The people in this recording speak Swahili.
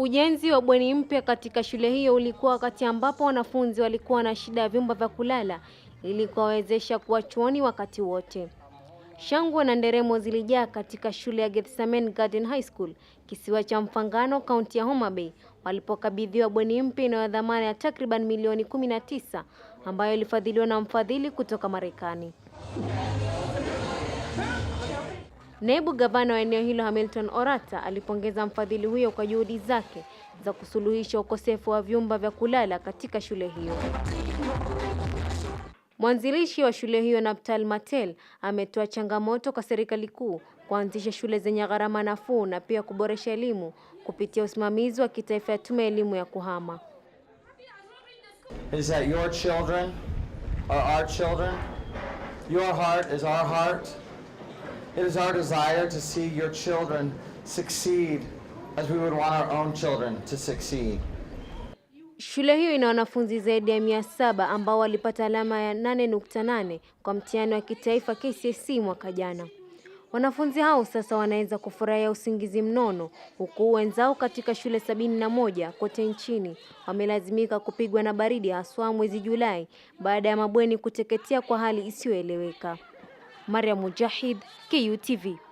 Ujenzi wa bweni mpya katika shule hiyo ulikuwa wakati ambapo wanafunzi walikuwa na shida ya vyumba vya kulala ili kuwawezesha kuwa chuoni wakati wote. Shangwe na nderemo zilijaa katika shule ya Gethsemane Garden High School, kisiwa cha Mfangano, kaunti ya Homa Bay, walipokabidhiwa bweni mpya inayo dhamana ya takriban milioni 19 ambayo ilifadhiliwa na mfadhili kutoka Marekani. Naibu gavana wa eneo hilo Hamilton Orata alipongeza mfadhili huyo kwa juhudi zake za kusuluhisha ukosefu wa vyumba vya kulala katika shule hiyo. Mwanzilishi wa shule hiyo Naptal Matel ametoa changamoto kwa serikali kuu kuanzisha shule zenye gharama nafuu na pia kuboresha elimu kupitia usimamizi wa kitaifa ya tume elimu ya kuhama. Is that your children are our children? Your heart is our heart. It is our desire to see your children succeed as we would want our own children to succeed. Shule hiyo ina wanafunzi zaidi ya mia saba ambao walipata alama ya 8.8 kwa mtihani wa kitaifa KCSE mwaka jana. Wanafunzi hao sasa wanaweza kufurahia usingizi mnono huku wenzao katika shule sabini na moja kote nchini wamelazimika kupigwa na baridi haswa mwezi Julai baada ya mabweni kuteketea kwa hali isiyoeleweka. مريم مجاحد كيو تي في